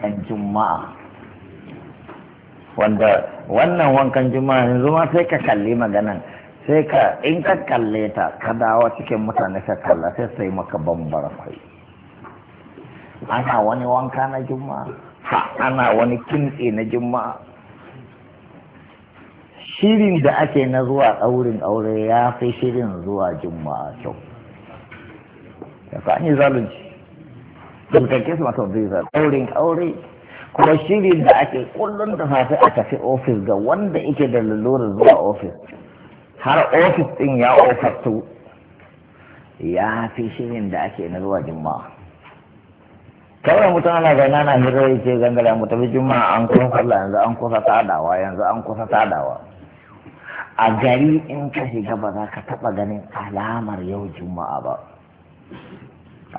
wankan juma'a wanda wannan wankan juma'a yanzu ma sai ka kalli maganan sai ka in ka kalle ta ka dawo cikin mutane ka kalla sai sai maka bambara kai ana wani wanka na juma'a ana wani kintse na juma'a shirin da ake na zuwa ɗaurin aure ya fi shirin zuwa juma'a kyau da ka an yi zalunci tilka kismatu visa aurin aure kuma shiri da ake kullum da safe a tafi ofis ga wanda yake da lalura zuwa ofis har ofis din ya ofartu ya fi shirin da ake na zuwa juma'a kawai mutum ana zaina na hira ya ce gangara mu tafi juma'a an kusa sallah yanzu an kusa tadawa yanzu an kusa tadawa a gari in ka shiga ba za ka taba ganin alamar yau juma'a ba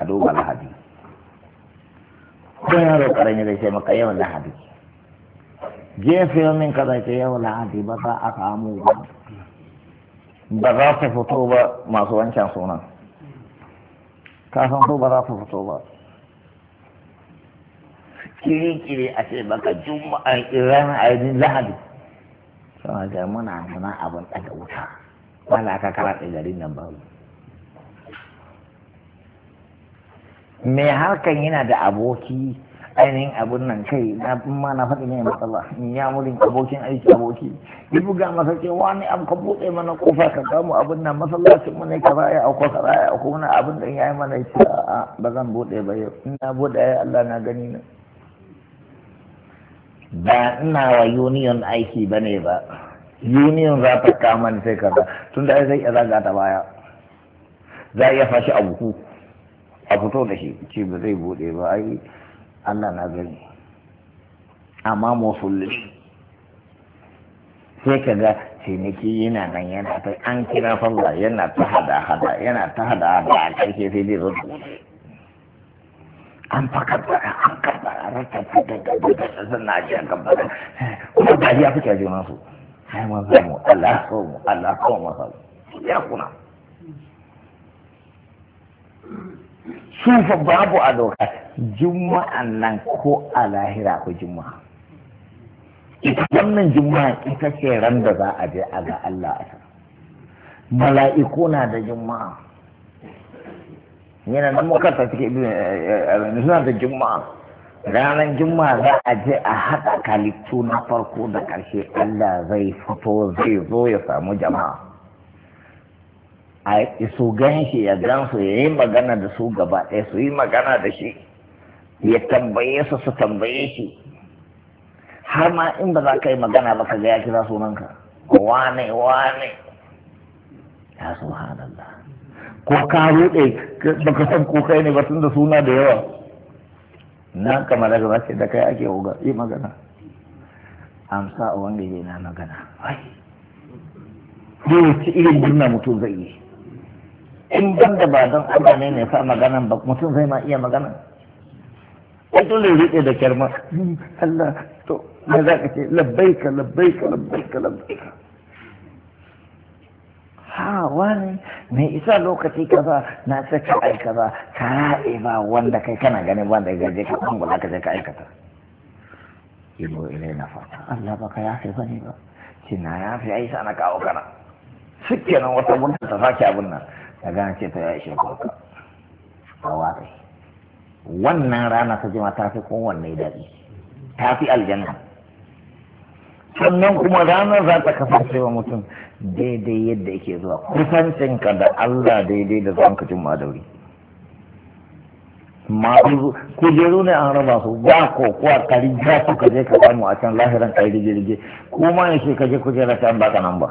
a duba lahadi ko yaro karami da ce maka yau lahadi jefe min kaza ce yau lahadi ba za a samu ba ba za su fito ba masu wancan sunan kafin su ba za su fito ba kiri-kiri a ce baka juma'a iran ainihin lahadi sana ga muna nuna abin ɗaga wuta wala aka kara garin nan ba. mai harkan yana da aboki ainihin abun nan kai na ma na faɗi ne matsala in ya murin abokin aiki aboki yi buga masa ce wani abu ka buɗe mana kofa ka kamu abun nan masallacin mu ne ka raya a ko raya a ko wani abun da ya yi mana ya ce a'a ba zan buɗe ba yau ina buɗe ya Allah na gani na ba ina wa union aiki ba ne ba union za ta kama ni sai kaza tun da zai iya zaga ta baya za a iya fashi abu a fito da shi ce ba zai bude ba ai Allah na gani amma musulmi sai ka ga ciniki yana nan yana ta an kira falla yana ta hada hada yana ta hada hada a karshe sai zai zo an fakar da an karɓa a rasa fita da gudu da na ji a gaba da kuma ba ya fice juna su ai ma za mu Allah ko mu Allah ko mu ya kuna Sufa fa babu a doka juma'an nan ko a lahira ko juma'a ita wannan juma'a ita ce ran da za a je a ga Allah a mala'iku na da juma'a yana nan muka ta take eh, eh, eh, suna da juma'a ranar juma'a za a je a haɗa kalittu na farko da ƙarshe Allah zai fito zai zo ya samu jama'a a su gan shi ya gan su ya yi magana da su gaba ɗaya su yi magana da shi ya tambaye su su tambaye shi har ma in ba za ka yi magana ba ka ga ya kira sunanka wane wane ya subhanallah ko ka ruɗe ka san ko kai ne ba tun da suna da yawa na kamar daga za ce da kai ake yi magana amsa a wanda yana magana ai ko wace irin murna mutum zai yi in ban da ba don Allah ne ne sa magana ba mutum zai ma iya magana ai dole riƙe da kyarma Allah to me za ka ce labbaika labbaika labbaika labbaika ha wani mai isa lokaci kaza na saka ai kaza ka raɗe ba wanda kai kana ganin wanda ya gaje ka kan gula ka je ka aikata yabo ilai na fata Allah ba ka yafe ba ne ba cina yafe ai sa na kawo kana shi kenan wata mun ta sake abin nan ka gane ce ta ya ishe kwarka rawa kai wannan rana ta jima ta fi kowanne daɗi ta fi aljanna sannan kuma ranar za ta kasance wa mutum daidai yadda yake zuwa kusancinka da Allah daidai da zan ka jima da wuri masu kujeru ne an raba su ba ko kuwa kari riga su ka ka samu a can lahiran kai rige-rige ko ma yaushe kujera can ba ka nan ba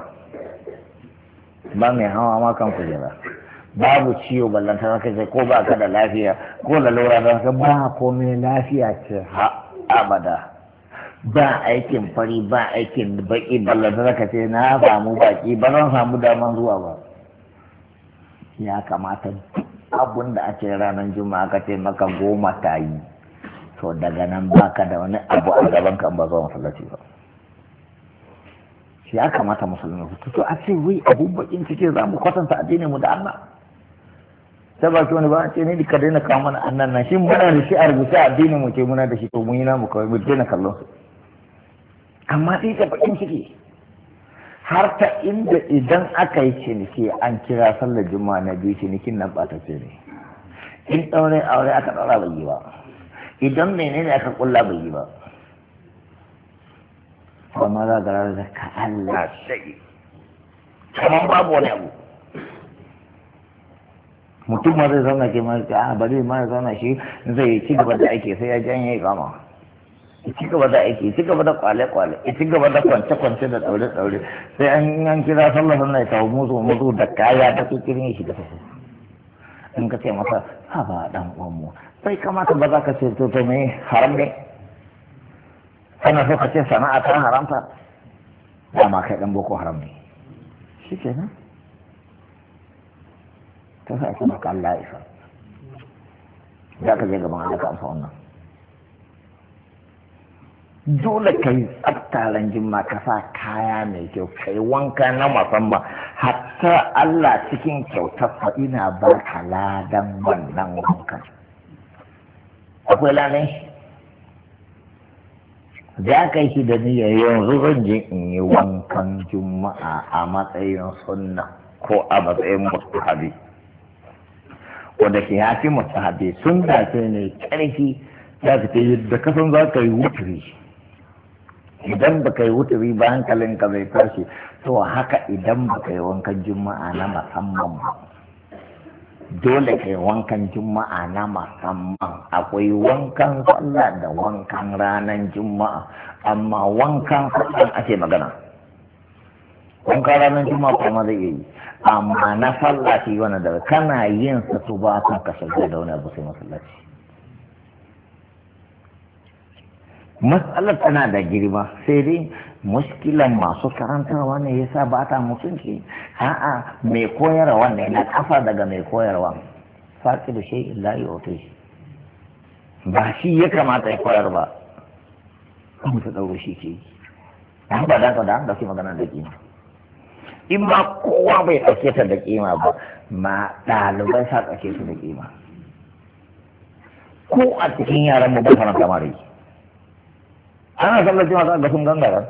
ba mai hawa ma kan kujera babu ciwo ballanta zaka ce ko ba ka da lafiya ko lalura za ka ba komai lafiya ce ha abada ba aikin fari ba aikin baki ballanta ta ka ce na samu baki ba zan samu daman zuwa ba ya kamata abun da ake ranar juma'a ka ce maka goma ta yi to daga nan ba ka da wani abu a gaban kan ba zuwa masallaci ba ya kamata musulmi su to a ce wai abubakin cike za mu kwatanta addinin mu da Allah ta baki wani ba a ce ni ka daina kawo mana annan nan shi muna da shi a rubuce addinin mu ce muna da shi to mun yi namu kawai mu daina kallon su amma sai ta bakin ciki har ta inda idan aka yi ciniki an kira sallar juma'a na biyu cinikin nan ba ta ce ne in ɗaure aure aka ɗaura bai yi ba idan menene aka kulla bai yi ba amma za ga ranar ka Allah sai kamar babu wani abu mutum ma zai zauna ke ma a ah, bari ma ya zauna shi zai ci gaba da aiki sai ya janye kama ci gaba da aiki ci gaba da kwale kwale ci gaba da kwance kwance da daure daure sai an an kira sallah sallah ta musu musu da kaya ta kirin shi da su in ka ce masa ha ba dan uwan mu sai kamata ba za ka ce to to mai haram ne kana so ka ce sana'a ta haramta ma kai dan boko haram ne shi kenan sun sa shi maka Allah san za ka je gaban Allah ka amsa wannan dole ka yi tsaftaran jimma ka sa kaya mai kyau ka yi wanka na musamman hatta Allah cikin kyautar ina ba ka ladan wannan wankan akwai lanai za ka yi da niyya yanzu zan je in yi wankan juma'a a matsayin sunna ko a matsayin mustahabi wanda da ke ya fi haɗe sun dace ne ƙarfi ya fita yadda kasan za ka yi wuturi idan ba ka yi wuturi ba hankalin ka zai tashi to haka idan ba ka yi wankan juma'a na musamman ba dole ka yi wankan juma'a na musamman akwai wankan sallah da wankan ranar juma'a amma wankan sallah ake magana kun ka ranar juma kuma zai yi amma na sallah yi wani daga kana yin sa to ba kan ka shagar da wani abu sai masallaci matsalar tana da girma sai dai muskilan masu karantarwa ne ya sa ba ta mutunci a'a mai koyarwa ne na kafa daga mai koyarwa faƙi da shi illa yi otu ba shi ya kamata ya koyar ba kuma ta ɗauro shi ke yi ba da ka da an magana da ƙi in ba kowa bai ɗauke ta da kima ba ma ɗaliban sa ɗauke su da kima ko a cikin yaran mu ba fara kamar yi ana sallar jima ga sun gangara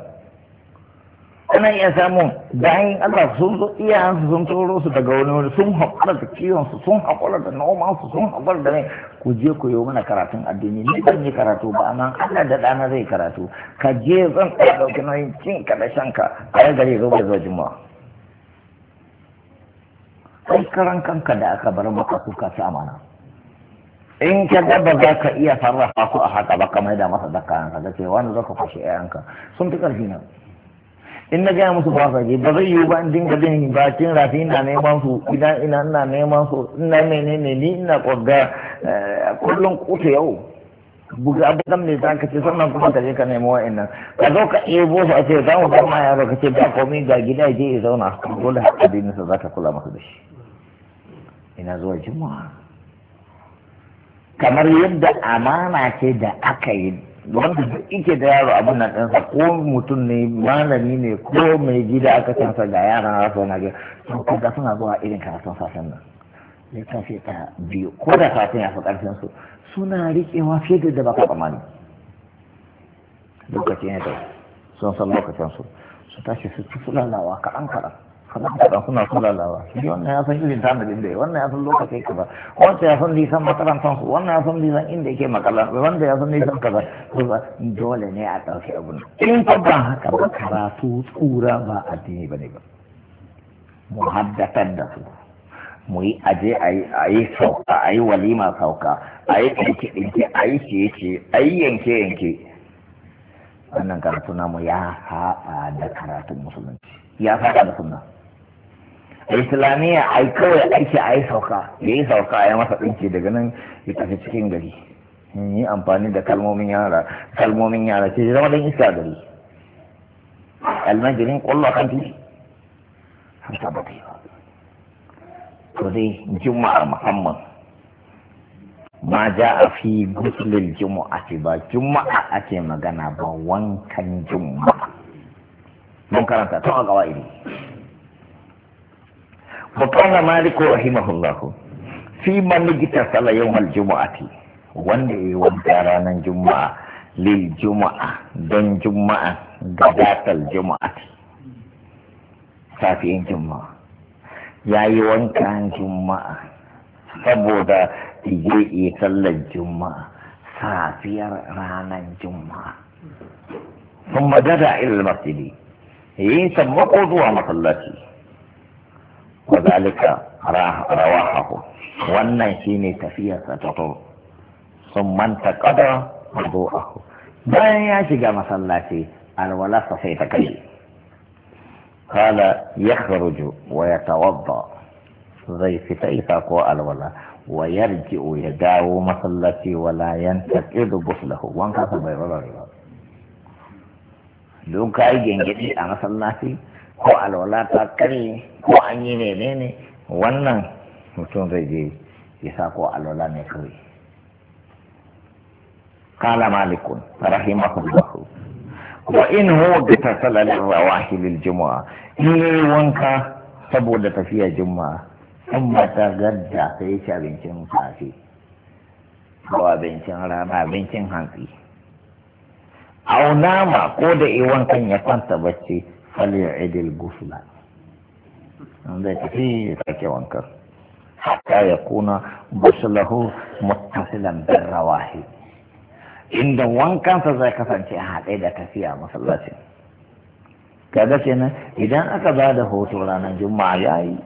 ana iya samun bayan Allah sun zo iyayensu sun turo su daga wani wani sun haƙura da kiwon su sun haƙura da noma su sun haƙura da mai ku je ku yi mana karatun addini ni ban yi karatu ba amma Allah da ɗana zai karatu ka je zan ɗauki nauyin cin ka da shanka a yau gari zo bai zo juma'a Sai karan kanka da aka bar maka su amana in ka ga za ka iya sarrafa su a haka ba kamar da masa zakaranka da ce wani zaka kwashe yayanka sun fi karfi na in na gaya musu ba sa ba zai yiwu ba in dinga bin bakin rafi ina neman su ina ina ina neman su ina menene ni ina kwagga eh, kullum kuta yau buga abudan ne za kace sannan kuma ka je ka nemo wa'annan ka zo ka iya su a ce za mu kama yaro ka ce ba komai ga gida je ya zauna dole addinin sa za ka kula masa da shi ina zuwa juma'a kamar yadda amana ce da aka yi wanda duk ike da yaro abin nan ɗansa ko mutum ne malami ne ko mai gida aka cansa ga yara na rasa na gida to kaga suna zuwa irin karatun safen nan littafi ta biyu ko da safen ya fi ƙarfin su suna riƙewa fiye da da baka tsammani lokaci ne da sun san lokacin su su tashi su ci fulalawa ka an kaɗan kuna kaɗan suna fulalawa shi wannan ya san irin tanadin da ya wannan ya san lokacin kaza wanda ya san nisan makarantar su wannan ya san nisan inda yake makala wanda ya san nisan kaza su ba dole ne a ɗauki abin in ka ba haka ba karatu tsura ba addini ba ne ba muhaddatar da su mu yi aje a yi sauka a yi walima sauka a yi ɗinke ɗinke a yi ciye-ciye a yi yanke-yanke wannan karatu namu ya haɗa da karatun musulunci ya haɗa da sunna islamiyya yi kawai aiki a yi sauka ya yi sauka a yi masa ɗinki daga nan ya tafi cikin gari yi amfani da kalmomin yara kalmomin yara ce zama don iska gari almajirin kwallo kan titi har sabata ba kuri juma'a juma'ar muhammad ma ja a fi juma'a ce ba juma'a ake magana ba wankan juma'a mun karanta tun a gawa iri وقال fi رحمه الله في من اغتسل Juma'a ce. wanda ya yi wanka ranar juma'a lil juma'a don juma'a gabatar juma'a safiyin juma'a ya yi wankan juma'a saboda je iya sallar juma'a safiyar ranar juma'a sun madada ilil masjidi yin sammako zuwa masallaci wa zalika haku wannan shine tafiyarsa ta to sun manta kada mazu'ahu bayan ya shiga masallaci alwalarsa sai ta kai قال يخرج ويتوضا زي في تايفا كو الولا ويرجع يداو مصلتي ولا ينتقد بخله وان كان بي رضا don ka yi gengedi a masallaci ko alwala ta kare ko an yi ne wannan mutum zai je Isa ko alwala ne kawai kala malikun rahimahullahu wa in hu bi tasalal rawahil in yi wanka saboda tafiya juma'a in ba ta gadda sai ya ci abincin safe ko abincin rana abincin hantsi au nama ko da yi wankan ya kwanta bacci fal yu'idil gusla an zai tafi ya sake wankan hatta ya kuna guslahu mutasilan bin rawahil inda wankansa zai kasance a haɗe da tafiya masallacin kaga kenan idan aka ba da hoto ranar juma'a ya yi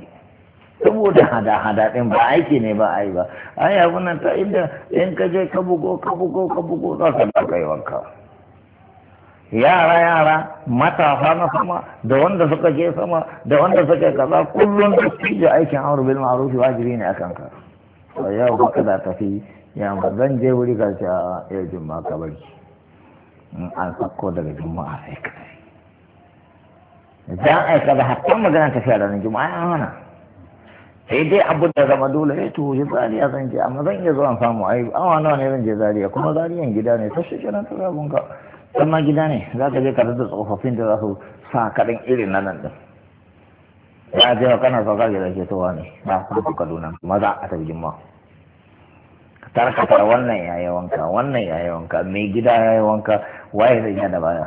saboda hada-hada ɗin ba aiki ne ba yi ba ai abu nan ta inda in ka je ka bugo ka bugo ka bugo za ka ka yi wanka yara yara matasa na sama da wanda suka je sama da wanda suka kaza kullum da aikin amur bil ma'ruf wajibi ne akan ka yau ka da tafi yamma zan je wuri ga shi a yau juma'a ka bari in an sako daga juma'a sai ka za a aika da hatta magana tafiya ranar juma'a ya hana sai dai abu da zama dole ya eh, to shi zariya zan je amma zan iya zuwa samu ai awa nawa ne zan je zariya kuma zariyan gida ne ta shi kenan ta zabun ka dan ma gida ne za ka je ka rada tsofaffin da za su sa kaɗan irin na nan din ya je kana sauka gida ke towa ne ba san ku dunan maza a tafi juma'a tarkatar wannan ya yi wanka wannan ya yi wanka mai gida ya yi wanka waye zai da baya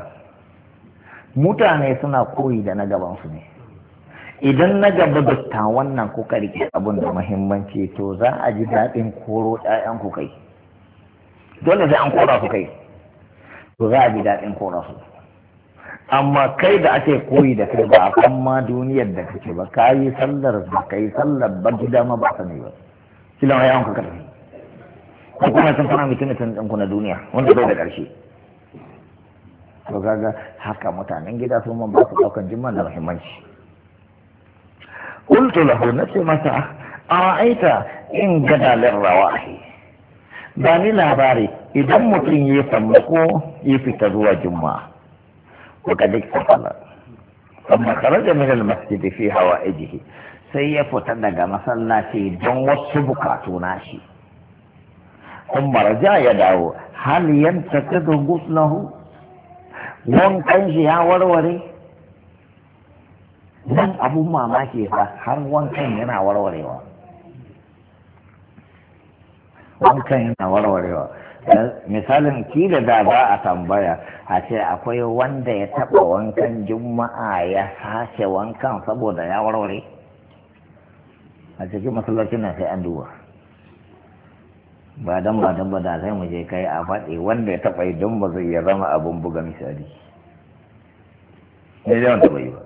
mutane suna koyi da na gabansu ne idan na gaba ta wannan kuka rike abun da muhimmanci to za a ji daɗin koro ɗayan ku kai dole sai an kora su kai to za a ji daɗin kora su amma kai da ake koyi da kai ba a kan ma duniyar da kake ba ka yi sallar ba ka yi sallar ba gida ma ba sani ba kila ya wanka karfi ko kuma san kana mutum mutum ɗan kuna duniya wanda bai da ƙarshe to kaga haka mutanen gida su mun ba su ɗaukan jimman da muhimmanci masa, a aita in أرأيت إن rawa ba bani labari idan mutum ya sammako ya fita zuwa juma'a wa kada ki fala amma kharaja min al masjid fi hawaijihi sai ya fita daga masallaci don wasu bukatu nashi kuma raja ya dawo hal yanta ta da guslahu wankan shi ya warware nan abun mamaki ba har wankan yana warwarewa wankan yana warwarewa misalin ki da da za a tambaya a ce akwai wanda ya taba wankan juma'a ya sace wankan saboda ya warware a cikin masallacin na sai an duba ba dan ba dan ba da sai mu je kai a faɗi wanda ya taɓa idan ba zai ya zama abun buga misali ne da wanda bai ba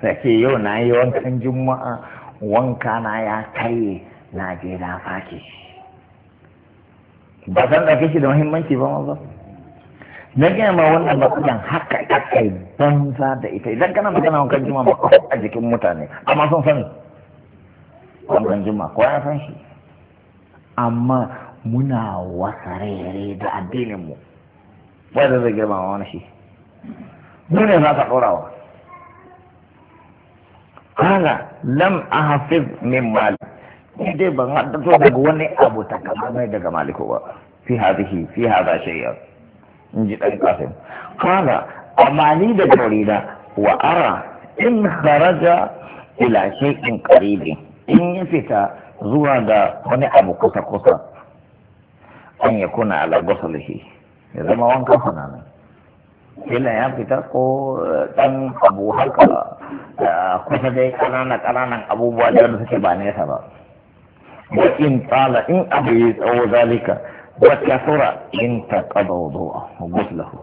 eh ke yau na yi wankan juma'a wanka na ya kai na je na fake ba san ɗauke shi da muhimmanci ba ma ba na gina ma wannan matsalan haka aka banza da ita idan kana magana wankan juma'a ba a jikin mutane amma sun sani wankan juma'a ko ya san shi amma muna wasarere da addininmu ba da zai girma wani shi dole za ka ɗorawa kala lam hafiz min mali ni dai ban haddato daga wani abu ta kama kamar daga maliku ba fi hadhihi fi hadha shay'a in ji dan kafin kala amma ni da dorida wa ara in kharaja ila shay'in qaribin in ya fita zuwa ga wani abu kusa-kusa an ya kuna ala gosalihi ya zama wankan sanana kila ya fita ko dan eh, abu haka eh, kusa dai ƙananan ƙananan abubuwa da suke ba nesa ba wa in tsala in abu ya tsawo zalika wa kasura in ta qada zuwa guslahu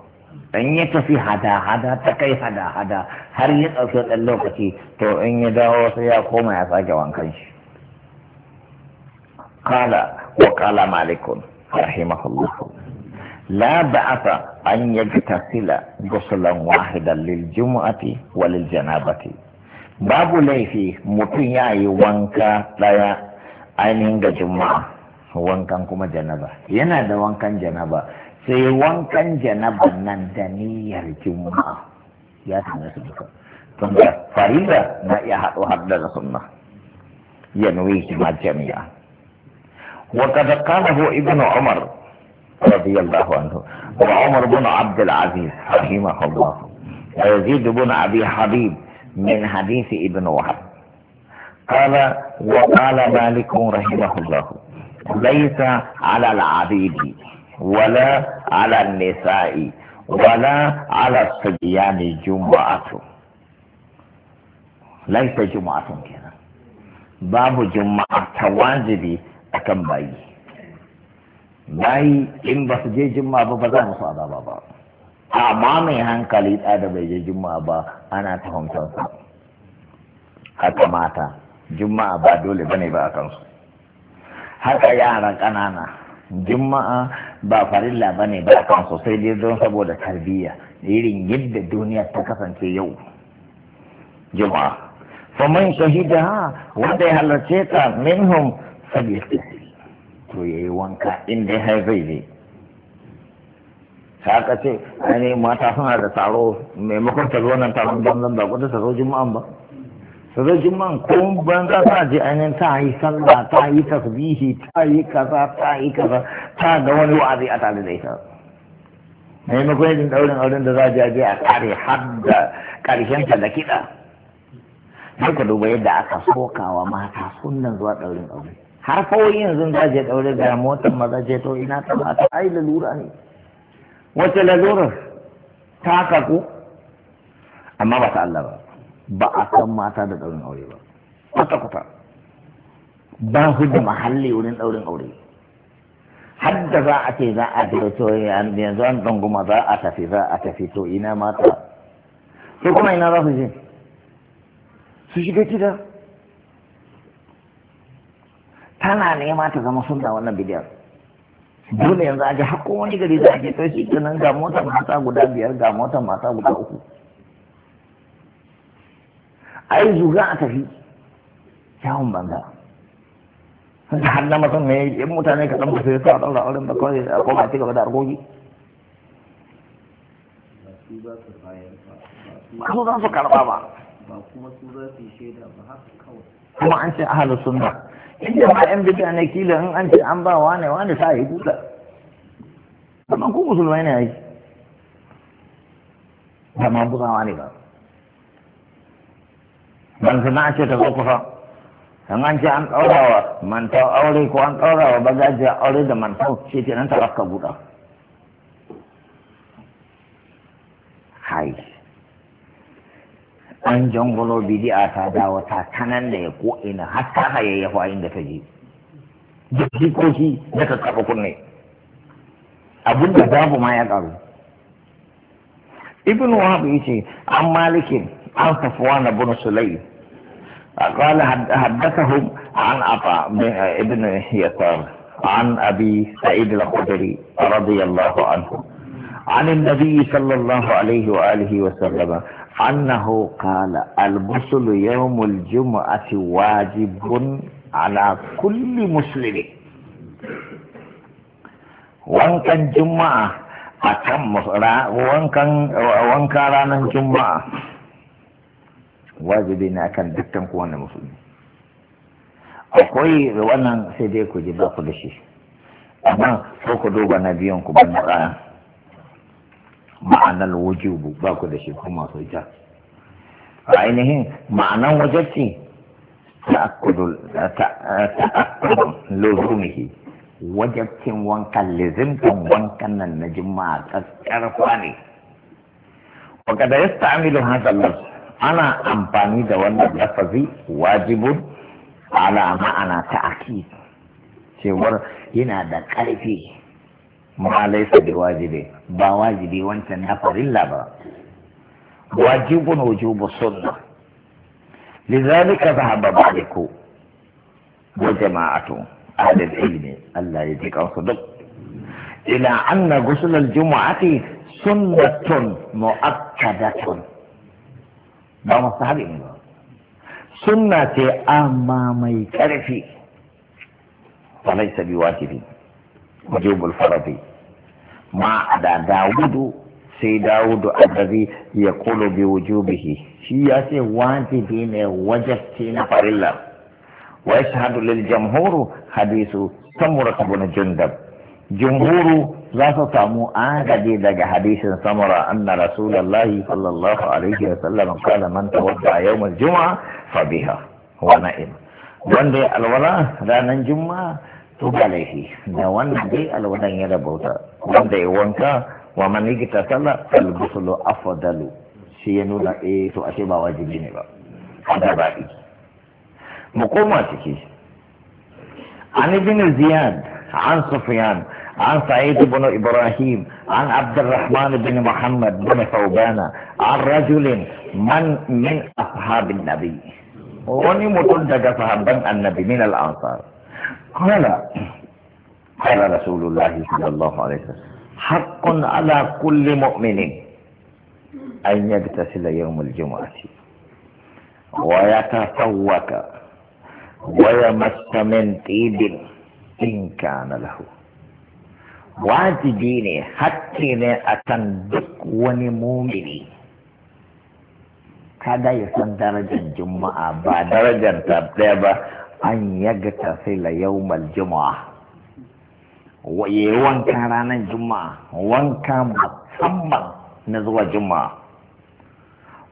dan ya tafi hada-hada ta kai hada-hada har ya ɗauki ɗan lokaci to in ya dawo sai ya koma ya sake wankan shi قال وقال مالك رحمه الله لا بعث أن يغتسل غسلا واحدا للجمعة وللجنابة باب ليفي متياي وانكا لا ainihin ga juma'a wankan kuma janaba yana da wankan janaba sai wankan janaba nan da niyyar juma'a ya tana su duka tun da na iya har da jami'a وقد قاله ابن عمر رضي الله عنه وعمر بن عبد العزيز رحمه الله ويزيد بن أبي حبيب من حديث ابن وهب قال وقال مالك رحمه الله ليس على العبيد ولا على النساء ولا على الصبيان جمعة ليس جمعة كذا باب جمعة واجبي akan bayi bayi in ba su je jimma ba ba za musu azaba ba amma mai hankali da da bai je jimma ba ana tuhumtar sa haka mata juma'a ba dole bane ba a kansu haka yara ƙanana juma'a ba farilla bane ba a kansu sai dai don saboda tarbiyya irin yadda duniya ta kasance yau juma'a faman shahida wanda ya halarce ta minhum sabis to ya yi wanka inda ya zai ne ta aka ce ainihin mata suna da taro maimakon ta zo nan taron banzan ba kudu ta zo juma'an ba ta zo juma'an ko banza ta je ainihin ta yi sallah ta yi tasbihi ta yi kaza ta yi kaza ta ga wani wa'azi a tare da ita maimakon yin daurin auren da za a je a je a kare har da karshen ta da kiɗa sai ka duba yadda aka sokawa mata sunan zuwa daurin aure har kawai yanzu za je ɗaure ga motar maza ce to ina ta ba ta ai lalura ne wace lalura ta kaku amma ba ta Allah ba ba a san mata da ɗaurin aure ba kwata kwata ba su da mahalli wurin ɗaurin aure har da za a ce za a tafi to yanzu an tsanguma za a tafi za a tafi to ina mata su kuma ina za su je su shiga gida tana nema ta zama sunna wannan bidiyar dole yanzu a ji hakko wani gari za a ji to shi kenan ga motar mata guda biyar ga motar mata guda uku yi zuga a tafi yawon banza da har na mutum ne yin mutane ka dan basu sa daura auren ba kawai a koma ci gaba da argogi ba su za su karba ba ba kuma su za su yi shaida ba haka kawai kuma an ce ahalu sunna inda ma yan bid'a ne kila in an ce an ba wane wane sa yi kuka amma ku musulmai ne yi ba ma bugawa ne ba ban sana ce ta zo kusa in an ce an ɗaurawa mantau aure ko an ɗaurawa bagajiya aure da mantau ce ke nan ta rafka buɗa hai an jangolo bidi'a ta dawo ta tanan da ya ko'ina har ta hayayyafa da ta je jikoki da ka kafa kunne abin da babu ma ya karu ibn wahab yace an malikin an safwan ibn sulaym قال حدثهم عن عطاء ابن يسار عن ابي سعيد الخدري رضي الله عنه عن النبي صلى الله عليه وآله وسلم أنه قال البصل يوم الجمعة واجب على كل مسلم wankan juma'a a kan wanka ranar juma'a wajibi ne akan dukkan kowane musulmi akwai wannan sai dai ku ji ba ku da shi amma ko ku duba na biyan ku ban ɗaya ma'anar wujubu ba ku da shi kuma masu ita ainihin ma'anan wajabci ta'akkudun lozumihi wajabcin wankan lizimtan wankan nan na jima'a karfa ne wakada ya sta'amilu hasallar ana amfani da wannan lafazi wajibun ala ma'ana ta'akid cewar yana da ƙarfi ما ليس بواجبه ما واجبي وانت النفر إلا با واجب وجوب السنة لذلك ذهب مالك وجماعة أهل العلم ألا يتقن صدق إلى أن غسل الجمعة سنة مؤكدة ما مستحب سنة أمامي كرفي وليس بواجبي وجوب الفرضي ma da dawudu sai dawudu allazi ya kulu bi wujubihi shi ya ce wajibi ne wajabci na farilla wa yashhadu lil jamhuru hadisu samura ibn jundab jumhuru za su samu agaji daga hadisin samura anna rasulullahi sallallahu alaihi wa sallam kala man tawadda yawm al-jum'a fa alwala ranar juma'a ಸುಡಲೇಹಿ ನವನ್ನದಿ ಅಲ್ವನಿರಬಹುದು ಒಂದೇ ಒಂಕ ಒಮನಿಗೆ ತಸಲ ತಲುಬಿಸಲು ಅಫದಲು ಶಿಯನು ಏ ಸು ಅಶಿ ಬಾವಾಜಿಬಿನಿವ ಅದರಬಾಗಿ ಮುಕೋಮ ಅತಿಕಿ ಅನಿಬಿನ ಜಿಯಾದ್ عن سفيان عن سعيد بن ابراهيم عن عبد الرحمن بن محمد بن ثوبان عن رجل من من اصحاب النبي وني متون دغ صحابه النبي من الانصار قال قال رسول الله صلى الله عليه وسلم حق على كل مؤمن أن يغتسل يوم الجمعة ويتفوك ويمس من طيب إن كان له wajibi ne hakki ne a kan duk wani mumini kada ya san darajar juma'a ba darajar ta ɗaya ba an yaga tasila yawmal juma'a yi wanka ranar juma'a wanka musamman na zuwa juma'a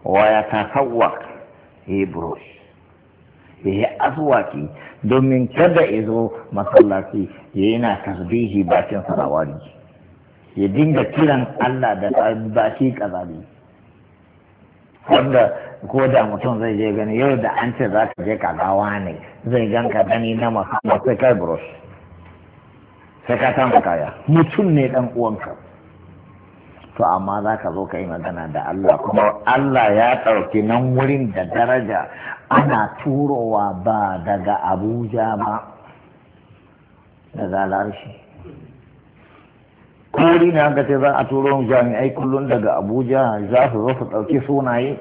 waya ta sawwa ya brush ya yi aswaki domin kada ya zo masallaci ya yana tasbihi bakin sarawari ya dinga kiran Allah da baki kazali wanda ko da mutum zai je gani yau da an ce za ka je ka gawa ne zai gan ka gani na musamman sai kai buros sai ka tamu kaya mutum ne dan uwanka to amma za ka zo ka yi magana da Allah kuma Allah ya ɗauki nan wurin da daraja ana turowa ba daga Abuja ba daga larshi ne an ga ce za a turo jami'ai kullum daga Abuja za su zo su ɗauki sunaye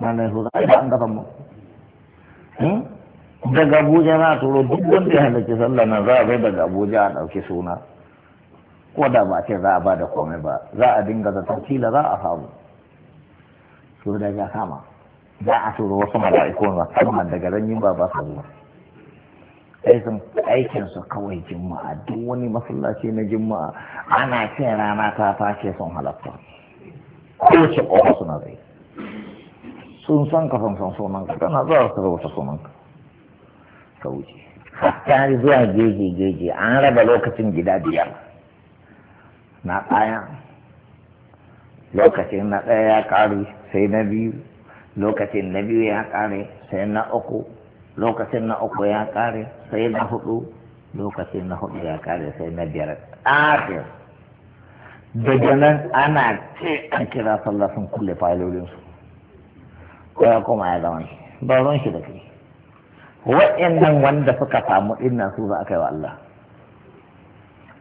malai su ai an gaban mu daga hmm? abuja na turo duk wanda ya halarci sallah nan za a zo daga abuja a ɗauki suna ko da ba ce za a ba da komai ba za a dinga zaton kila za a samu su da ya kama za a turo wasu mala'iku musamman daga ranyin ba ba su zuwa aikin aikinsu kawai juma'a duk wani masallaci na juma'a ana ce rana ta face sun halarta, ko ce ƙofa suna zai sun san ka san sunanka kana zuwa ka rubuta sunanka ka wuce hatta zuwa geje geje an raba lokacin gida biyar na ɗaya lokacin na ɗaya ya ƙare sai na biyu lokacin na biyu ya ƙare sai na uku lokacin na uku ya ƙare sai na hudu lokacin na hudu ya ƙare sai na biyar ɗafir daga nan ana ce an kira sallah sun kulle fa'ilolinsu ko ya koma ya zama shi ba zan shi da kai wa'annan wanda suka samu inna su za a kai wa Allah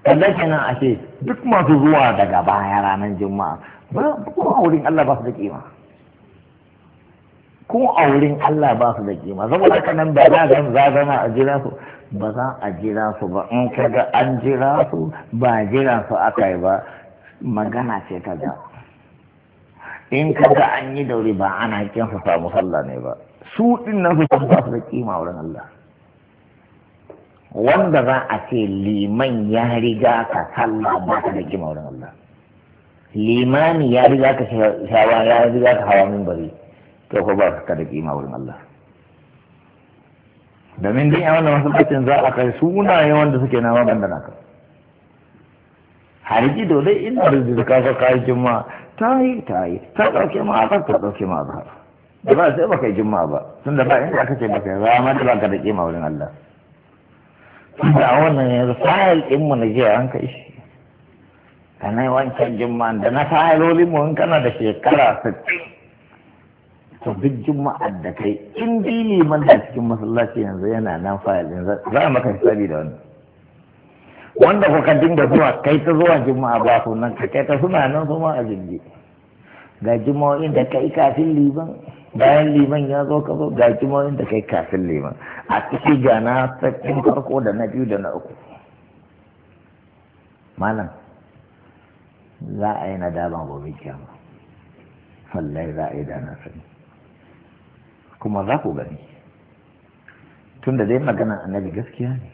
kallon nan a ce duk masu zuwa daga baya ranar juma'a ba ko a wurin Allah ba su da kima ko a wurin Allah ba su da kima saboda haka nan ba za a a jira su ba za a jira su ba in kaga an jira su ba jira su aka yi ba magana ce ta ga in ka ga an yi daure ba ana hakkin su samu sallah ne ba su din nan su ba su da kima wurin Allah wanda za a ce liman ya riga ka sallah ba su da kima wurin Allah limani ya riga ka shawa ya riga ka hawa min bari to ko ba ka da kima wurin Allah domin dai a wannan masallacin za a kai sunaye wanda suke nama ban da naka harji dole ina da ka kai juma'a ta yi ta yi ta ɗauke ma azar ta ɗauke ma ba da ba sai baka yi ba tun da ba inda aka ce baka yi rama da baka da kima wurin Allah da wannan yanzu fayil ɗin mu na jiya an kai shi ka yi wancan juma'a da na fayilolin mu in kana da shekara sittin to duk juma'ar da kai in dini man da cikin masallaci yanzu yana nan fayil yanzu za a maka hisabi da wannan wanda kuka dinga zuwa kai ta zuwa juma'a ba nan ka kai ta suna nan su ma a jirgi ga juma'o'in da kai kafin liman bayan liman ya zo ka zo ga juma'o'in da kai kafin liman a ciki ga na sakin farko da na biyu da na uku malam za a yi na daban gobe kyamu Sallai, za a yi da na sani kuma za ku gani tunda dai magana annabi gaskiya ne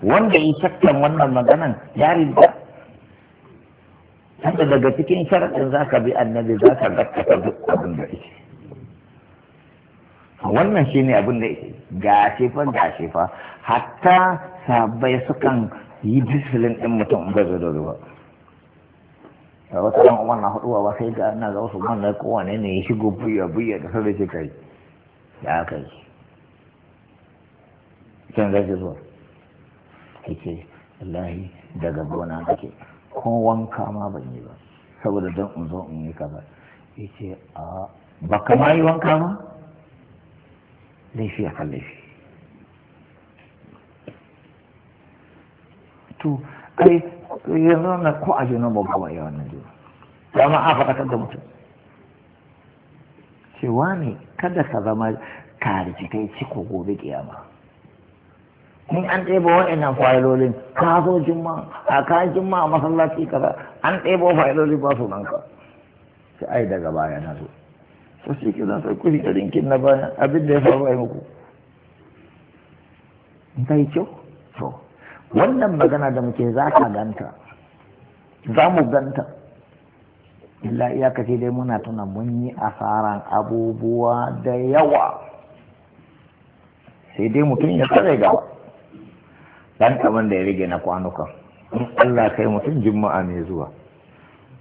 wanda yi shakkan wannan maganan ya riga haka daga cikin sharaɗin za ka bi annabi za ka ka duk abin da yake wannan shi ne abin da yake ga fa ga fa, hatta sabai sukan yi disiplin ɗin mutum ba zai dole ba, a wata ɗan umarna na hudu ba sai ga ana ga wasu wannan kowane ne ya shigo buya buya da sarrafa kai da aka yi can zai zuwa yake lahi daga gona nake ko wanka ma ban yi ba saboda don in zo in yi kaza yace a ba kama yi wanka ma laifi akan laifi to kai yanzu na ko a jinin ba yawan yi jiwa ya ma a faɗaƙar da mutum cewa ne kada ka zama ka rikitai ciko gobe kiyama in an ɗebo waɗannan fayilolin ka zo juma a ka juma a masallaci kaza an ɗebo fayiloli ba su ka. sai ai daga baya na zo ko shi ke zan sauko shi rinkin na baya abin da ya faru a muku ta yi kyau to wannan magana da muke za ka ganta za mu ganta illa ce dai muna tuna mun yi asaran abubuwa da yawa sai dai mutum ya tsare gaba dan kaman da ya rage na kwanuka in Allah kai mutum juma'a ne zuwa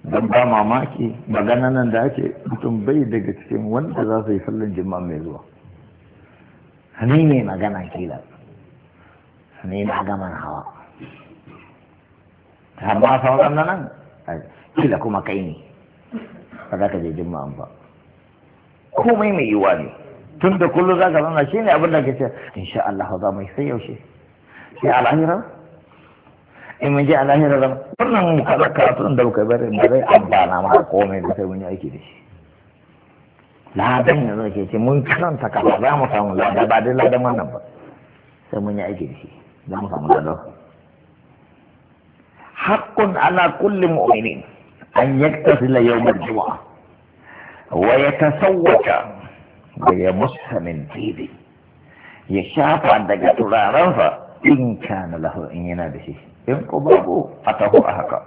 don ba mamaki magana nan da ake mutum bai daga cikin wanda za su yi sallan juma'a mai zuwa ni ne magana kila ni na gama hawa amma sauran na nan kila kuma kai ne ba za ka je juma'a ba komai mai yiwa ne tun da kullum za ka zama shi ne abin da ka ce sha Allah za mu yi sai yaushe sai a lahira in mun je a lahira zan wannan karatun da muka bari ba zai amfana ma komai da sai mun yi aiki da shi ladan yanzu ke ce mun karanta kaza za mu samu ladan ba dai ladan wannan ba sai mun yi aiki da shi za mu samu ladan haqqun ala kulli mu'minin an la yawmul jumu'ah wa yatasawwaka wa yamussa min tibi ya shafa daga turarensa إن كان له إن ينابه إن قبابو أتاه أهكا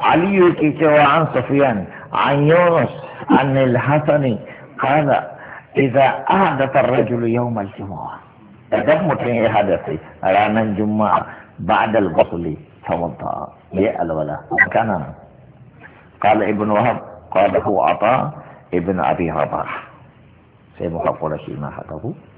علي كتوى عن صفيان عن يونس عن الحسن قال إذا أحدث الرجل يوم الجمعة أدب متنين حدثي رانا الجمعة بعد الغسل فمضى يأل ولا كان قال ابن وهب قال هو عطاء ابن أبي رباح سيمخفر شيء ما حدثه